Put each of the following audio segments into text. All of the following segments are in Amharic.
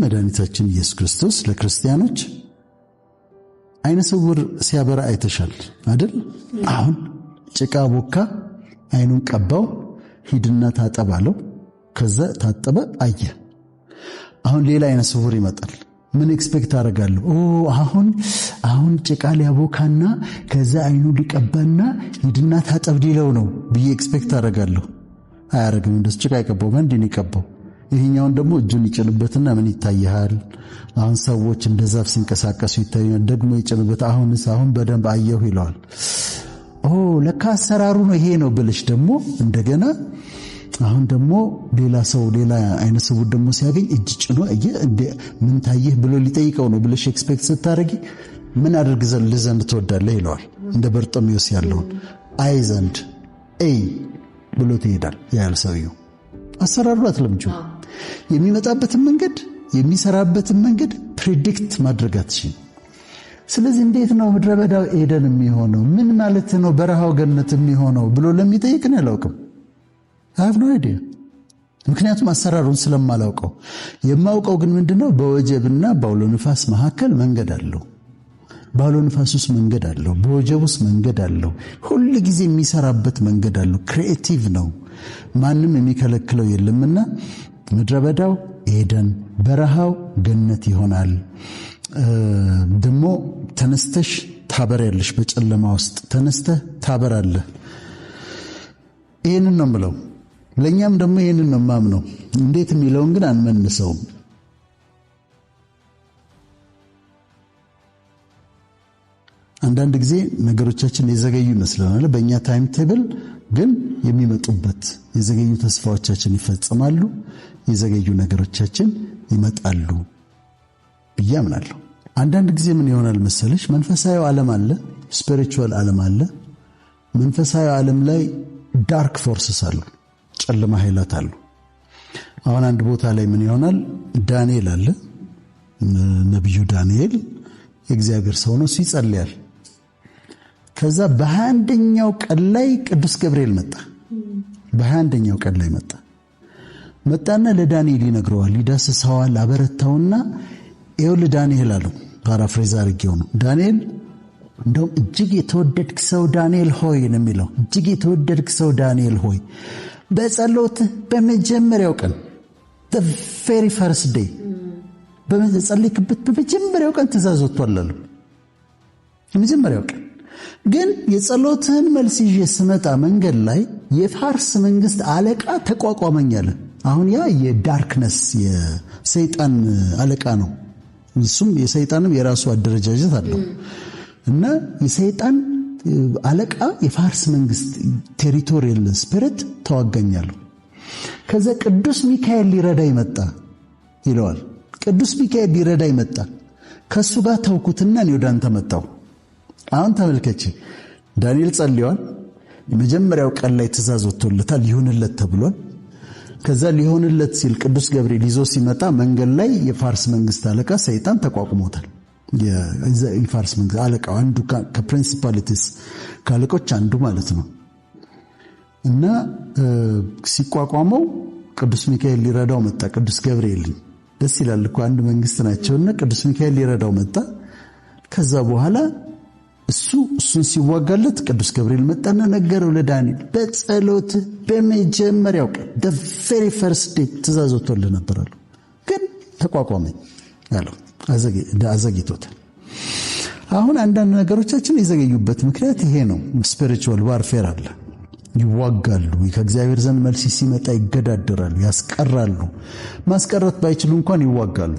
መድኃኒታችን ኢየሱስ ክርስቶስ ለክርስቲያኖች አይነ ስውር ሲያበራ አይተሻል አይደል? አሁን ጭቃ ቦካ፣ አይኑን ቀባው፣ ሂድና ታጠብ አለው። ከዛ ታጠበ፣ አየ። አሁን ሌላ አይነ ስውር ይመጣል። ምን ኤክስፔክት አደርጋለሁ? አሁን አሁን ጭቃ ሊያቦካና ከዛ አይኑ ሊቀባና ሂድና ታጠብ ሊለው ነው ብዬ ኤክስፔክት አደርጋለሁ። አያረግም። እንደስ ጭቃ ይቀባው ማንድን ይቀባው? ይህኛውን ደግሞ እጁን ይጭንበትና ምን ይታይሃል? አሁን ሰዎች እንደ ዛፍ ሲንቀሳቀሱ ይታዩኛል። ደግሞ ይጭንበት። አሁንስ አሁን በደንብ አየሁ ይለዋል። ኦ ለካ አሰራሩ ነው ይሄ ነው ብልሽ ደግሞ እንደገና አሁን ደግሞ ሌላ ሰው ሌላ አይነ ስውር ደግሞ ሲያገኝ እጅ ጭኖ ምን ታየህ ብሎ ሊጠይቀው ነው ብለሽ ኤክስፔክት ስታደረጊ ምን አድርግ ልዘንድ ትወዳለህ ይለዋል። እንደ በርጦሜዎስ ያለውን አይ ዘንድ ኤይ ብሎ ትሄዳል ያል ሰውየው አሰራሩ አትለምጁ የሚመጣበትን መንገድ የሚሰራበትን መንገድ ፕሪዲክት ማድረግ አትችልም። ስለዚህ እንዴት ነው ምድረ በዳው ኤደን የሚሆነው? ምን ማለት ነው በረሃው ገነት የሚሆነው ብሎ ለሚጠይቅን አላውቅም። አይ ኖ አይዲያ ምክንያቱም አሰራሩን ስለማላውቀው። የማውቀው ግን ምንድነው በወጀብና በአውሎ ንፋስ መካከል መንገድ አለው። በአውሎ ንፋስ ውስጥ መንገድ አለው። በወጀብ ውስጥ መንገድ አለው። ሁል ጊዜ የሚሰራበት መንገድ አለው። ክሪኤቲቭ ነው። ማንም የሚከለክለው የለምና ምድረ በዳው ኤደን፣ በረሃው ገነት ይሆናል። ደግሞ ተነስተሽ ታበሪያለሽ። በጨለማ ውስጥ ተነስተህ ታበራለህ። ይህንን ነው የምለው። ለእኛም ደግሞ ይህንን ነው የማምነው። እንዴት የሚለውን ግን አንመንሰውም። አንዳንድ ጊዜ ነገሮቻችን የዘገዩ ይመስለናል። በእኛ ታይም ቴብል ግን የሚመጡበት የዘገዩ ተስፋዎቻችን ይፈጸማሉ። የዘገዩ ነገሮቻችን ይመጣሉ ብዬ አምናለሁ። አንዳንድ ጊዜ ምን ይሆናል መሰለሽ፣ መንፈሳዊ ዓለም አለ፣ ስፒሪቹዋል ዓለም አለ። መንፈሳዊ ዓለም ላይ ዳርክ ፎርስስ አሉ፣ ጨለማ ኃይላት አሉ። አሁን አንድ ቦታ ላይ ምን ይሆናል፣ ዳንኤል አለ። ነቢዩ ዳንኤል የእግዚአብሔር ሰው ነው፣ ይጸልያል። ከዛ በሃያ አንደኛው ቀን ላይ ቅዱስ ገብርኤል መጣ። በሃያ አንደኛው ቀን ላይ መጣ። መጣና ለዳንኤል ይነግረዋል፣ ይዳስሰዋል፣ አበረታውና ይኸው ለዳንኤል አለው። ፓራፍሬዝ አድርጌው ነው ዳንኤል እንደውም እጅግ የተወደድክ ሰው ዳንኤል ሆይ ነው የሚለው። እጅግ የተወደድክ ሰው ዳንኤል ሆይ በጸሎት በመጀመሪያው ቀን ፌሪ ፈርስ ዴይ ጸልይክበት በመጀመሪያው ቀን ትእዛዝ ወጥቷል የመጀመሪያው ቀን ግን የጸሎትህን መልስ ይዤ ስመጣ መንገድ ላይ የፋርስ መንግስት አለቃ ተቋቋመኛለን አሁን ያ የዳርክነስ የሰይጣን አለቃ ነው። እሱም የሰይጣንም የራሱ አደረጃጀት አለው እና የሰይጣን አለቃ የፋርስ መንግስት ቴሪቶሪያል ስፒሪት ተዋጋኛለሁ። ከዛ ቅዱስ ሚካኤል ሊረዳ ይመጣ ይለዋል። ቅዱስ ሚካኤል ሊረዳ ይመጣ ከእሱ ጋር ተውኩትና እኔ ወደ አንተ መጣሁ። አሁን ተመልከች፣ ዳንኤል ጸልዋል። የመጀመሪያው ቀን ላይ ትእዛዝ ወጥቶለታል፣ ይሁንለት ተብሏል። ከዛ ሊሆንለት ሲል ቅዱስ ገብርኤል ይዞ ሲመጣ መንገድ ላይ የፋርስ መንግስት አለቃ ሰይጣን ተቋቁሞታል። የፋርስ መንግስት አለቃ አንዱ ከፕሪንሲፓሊቲስ ከአለቆች አንዱ ማለት ነው። እና ሲቋቋመው ቅዱስ ሚካኤል ሊረዳው መጣ። ቅዱስ ገብርኤልን ደስ ይላል እኮ አንድ መንግስት ናቸውና ቅዱስ ሚካኤል ሊረዳው መጣ። ከዛ በኋላ እሱ እሱን ሲዋጋለት ቅዱስ ገብርኤል መጣና ነገረው ለዳንኤል በጸሎት በመጀመሪያው ቀን ቨሪ ፈርስት ዴይ ትእዛዝ ወጥቶልህ ነበር አሉ። ግን ተቋቋመኝ አለው። አዘግይቶታል። አሁን አንዳንድ ነገሮቻችን የዘገዩበት ምክንያት ይሄ ነው። ስፒሪቹዋል ዋርፌር አለ። ይዋጋሉ። ከእግዚአብሔር ዘንድ መልስ ሲመጣ ይገዳደራሉ፣ ያስቀራሉ። ማስቀረት ባይችሉ እንኳን ይዋጋሉ።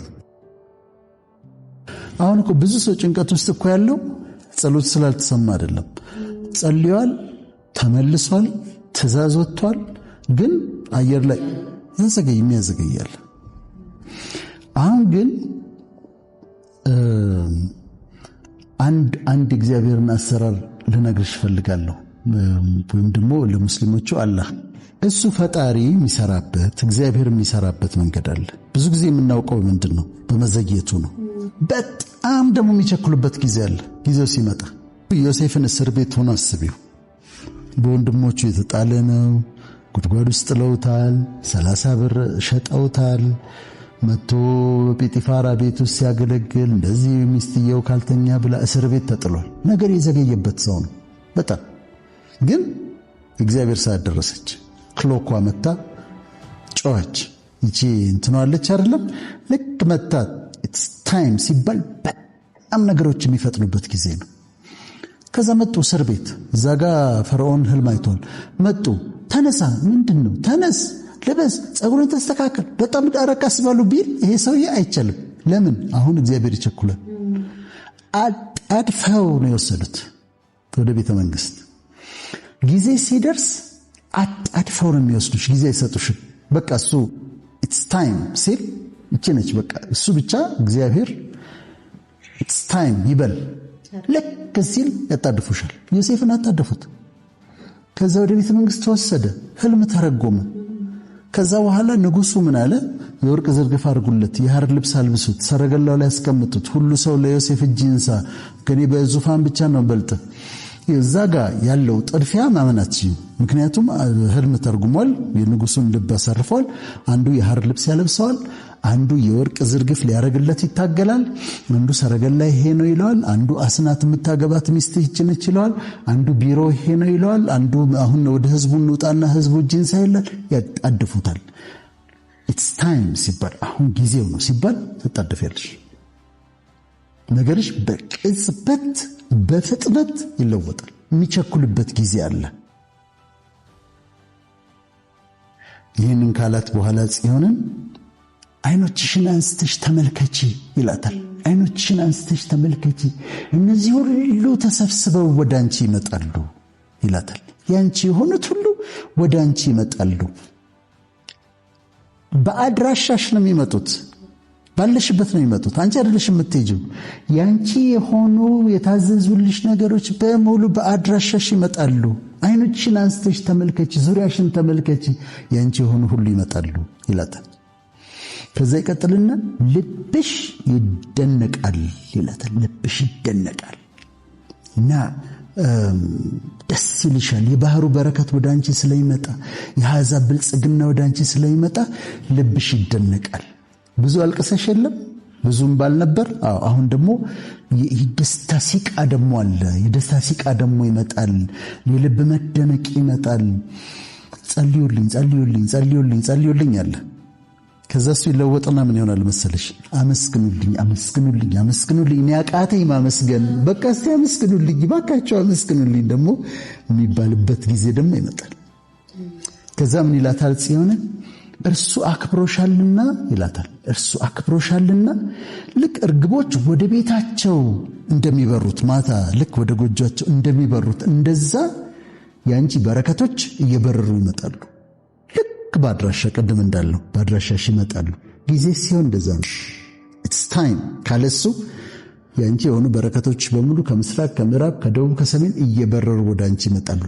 አሁን እኮ ብዙ ሰው ጭንቀት ውስጥ እኮ ያለው ጸሎት ስላልተሰማ አይደለም። ጸልዋል፣ ተመልሷል፣ ትእዛዝ ወጥቷል። ግን አየር ላይ ያዘገይም ያዘገያል። አሁን ግን አንድ አንድ እግዚአብሔርን አሰራር ልነግርሽ እፈልጋለሁ። ወይም ደግሞ ለሙስሊሞቹ አላህ እሱ ፈጣሪ የሚሰራበት እግዚአብሔር የሚሰራበት መንገድ አለ። ብዙ ጊዜ የምናውቀው ምንድን ነው? በመዘግየቱ ነው። በጣም ደግሞ የሚቸክሉበት ጊዜ አለ። ጊዜው ሲመጣ ዮሴፍን እስር ቤት ሆኖ አስቢው። በወንድሞቹ የተጣለ ነው። ጉድጓድ ውስጥ ጥለውታል። ሰላሳ ብር ሸጠውታል። መቶ ጲጢፋራ ቤት ውስጥ ሲያገለግል እንደዚህ ሚስትየው ካልተኛ ብላ እስር ቤት ተጥሏል። ነገር የዘገየበት ሰው ነው በጣም ግን እግዚአብሔር ሰዓት ደረሰች። ክሎኳ መታ ጨዋች ይቺ እንትኗለች አይደለም ልክ መታት ታይም ሲባል በጣም ነገሮች የሚፈጥኑበት ጊዜ ነው። ከዛ መጡ እስር ቤት። እዛ ጋ ፈርዖን ህልም አይተዋል። መጡ። ተነሳ፣ ምንድን ነው ተነስ፣ ልበስ፣ ፀጉርን ተስተካከል፣ በጣም ዳረካ አስባሉ ቢል ይሄ ሰውዬ አይቻልም። ለምን? አሁን እግዚአብሔር ይቸኩላል። አጣድፈው ነው የወሰዱት ወደ ቤተ መንግስት። ጊዜ ሲደርስ አጣድፈው ነው የሚወስዱሽ፣ ጊዜ አይሰጡሽም። በቃ እሱ ኢትስ ታይም ሲል እቺ ነች በቃ እሱ ብቻ እግዚአብሔር ታይም ይበል ልክ ሲል ያጣድፉሻል። ዮሴፍን አጣደፉት። ከዛ ወደ ቤተ መንግስት ተወሰደ። ህልም ተረጎመ። ከዛ በኋላ ንጉሱ ምን አለ? የወርቅ ዝርግፍ አድርጉለት፣ የሐር ልብስ አልብሱት፣ ሰረገላው ላይ ያስቀምጡት፣ ሁሉ ሰው ለዮሴፍ እጅ ይንሳ፣ ከኔ በዙፋን ብቻ ነው በልጥ። እዛ ጋ ያለው ጥድፊያ ማመናት ምክንያቱም ህልም ተርጉሟል፣ የንጉሱን ልብ አሳርፏል። አንዱ የሐር ልብስ ያለብሰዋል አንዱ የወርቅ ዝርግፍ ሊያረግለት ይታገላል። አንዱ ሰረገላ ይሄ ነው ይለዋል። አንዱ አስናት የምታገባት ሚስት ይችነች ይለዋል። አንዱ ቢሮ ይሄ ነው ይለዋል። አንዱ አሁን ወደ ህዝቡ እንውጣና ህዝቡ እጅን ሳይላል ያጣድፉታል። ኢትስ ታይም ሲባል አሁን ጊዜው ነው ሲባል ትጣደፊያለሽ። ነገርሽ በቅጽበት በፍጥነት ይለወጣል። የሚቸኩልበት ጊዜ አለ። ይህንን ካላት በኋላ ጽዮንን አይኖችሽን አንስተሽ ተመልከቺ ይላታል። አይኖችሽን አንስተሽ ተመልከቺ፣ እነዚህ ሁሉ ተሰብስበው ወደ አንቺ ይመጣሉ ይላታል። ያንቺ የሆኑት ሁሉ ወደ አንቺ ይመጣሉ። በአድራሻሽ ነው የሚመጡት፣ ባለሽበት ነው የሚመጡት። አንቺ አይደለሽ የምትሄጂው። ያንቺ የሆኑ የታዘዙልሽ ነገሮች በሙሉ በአድራሻሽ ይመጣሉ። አይኖችሽን አንስተሽ ተመልከች፣ ዙሪያሽን ተመልከች ያንቺ የሆኑ ሁሉ ይመጣሉ ይላታል። ከዛ ይቀጥልና ልብሽ ይደነቃል ይላታል። ልብሽ ይደነቃል እና ደስ ይልሻል። የባህሩ በረከት ወደ አንቺ ስለሚመጣ፣ የአሕዛብ ብልጽግና ወደ አንቺ ስለሚመጣ ልብሽ ይደነቃል። ብዙ አልቅሰሽ የለም ብዙም ባልነበር አሁን ደግሞ የደስታ ሲቃ ደግሞ አለ። የደስታ ሲቃ ደግሞ ይመጣል። የልብ መደነቅ ይመጣል። ጸልዩልኝ፣ ጸልዩልኝ፣ ጸልዩልኝ፣ ጸልዩልኝ አለ። ከዛ እሱ ይለወጥና ምን ይሆናል መሰለሽ? አመስግኑልኝ፣ አመስግኑልኝ፣ አመስግኑልኝ እኔ አቃተኝ ማመስገን። በቃ እስቲ አመስግኑልኝ፣ ባካቸው አመስግኑልኝ ደግሞ የሚባልበት ጊዜ ደግሞ ይመጣል። ከዛ ምን ይላታል ጽዮን እርሱ አክብሮሻልና ይላታል። እርሱ አክብሮሻልና ልክ እርግቦች ወደ ቤታቸው እንደሚበሩት ማታ ልክ ወደ ጎጇቸው እንደሚበሩት እንደዛ የአንቺ በረከቶች እየበረሩ ይመጣሉ። ልክ በአድራሻ ቅድም እንዳለው በአድራሻሽ ይመጣሉ። ጊዜ ሲሆን እንደዛ ነው። ኢትስ ታይም ካለሱ የአንቺ የሆኑ በረከቶች በሙሉ ከምስራቅ፣ ከምዕራብ፣ ከደቡብ፣ ከሰሜን እየበረሩ ወደ አንቺ ይመጣሉ።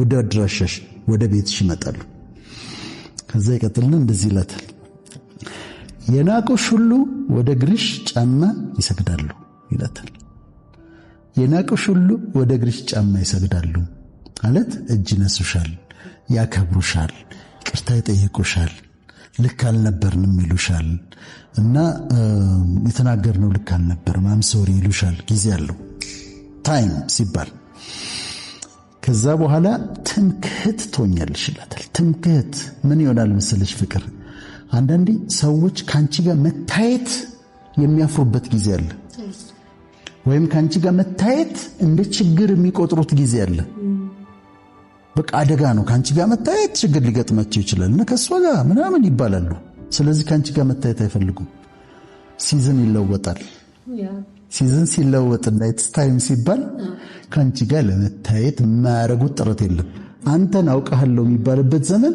ወደ አድራሻሽ፣ ወደ ቤትሽ ይመጣሉ። ከዛ ይቀጥልና እንደዚህ ይላታል። የናቁሽ ሁሉ ወደ እግርሽ ጫማ ይሰግዳሉ ይላታል። የናቁሽ ሁሉ ወደ እግርሽ ጫማ ይሰግዳሉ ማለት እጅ ነሱሻል፣ ያከብሩሻል ይቅርታ ይጠይቁሻል። ልክ አልነበርንም ይሉሻል እና የተናገርነው ልክ አልነበርም አምሶሪ ይሉሻል። ጊዜ አለው ታይም ሲባል ከዛ በኋላ ትምክህት ትሆኛለሽ ይላታል። ትምክህት ምን ይሆናል መሰለሽ ፍቅር፣ አንዳንዴ ሰዎች ከአንቺ ጋር መታየት የሚያፍሩበት ጊዜ አለ፣ ወይም ከአንቺ ጋር መታየት እንደ ችግር የሚቆጥሩት ጊዜ አለ። በቃ አደጋ ነው። ከአንቺ ጋር መታየት ችግር ሊገጥመቸው ይችላል እና ከእሷ ጋር ምናምን ይባላሉ። ስለዚህ ከአንቺ ጋር መታየት አይፈልጉም። ሲዝን ይለወጣል። ሲዝን ሲለወጥ ናይትስ ታይም ሲባል ከአንቺ ጋር ለመታየት የማያደርጉት ጥረት የለም። አንተን አውቃሃለሁ የሚባልበት ዘመን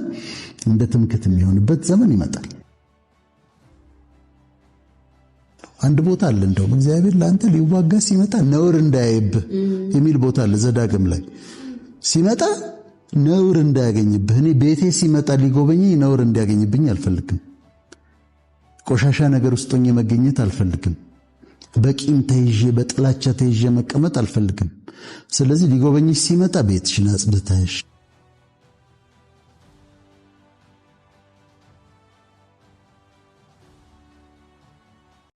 እንደ ትምክት የሚሆንበት ዘመን ይመጣል። አንድ ቦታ አለ እንደውም እግዚአብሔር ለአንተ ሊዋጋ ሲመጣ ነውር እንዳያይብህ የሚል ቦታ አለ ዘዳግም ላይ ሲመጣ ነውር እንዳያገኝብህ። እኔ ቤቴ ሲመጣ ሊጎበኘኝ ነውር እንዲያገኝብኝ አልፈልግም። ቆሻሻ ነገር ውስጥ ሆኜ መገኘት አልፈልግም። በቂም ተይዤ በጥላቻ ተይዤ መቀመጥ አልፈልግም። ስለዚህ ሊጎበኝሽ ሲመጣ ቤትሽን አጽድተሽ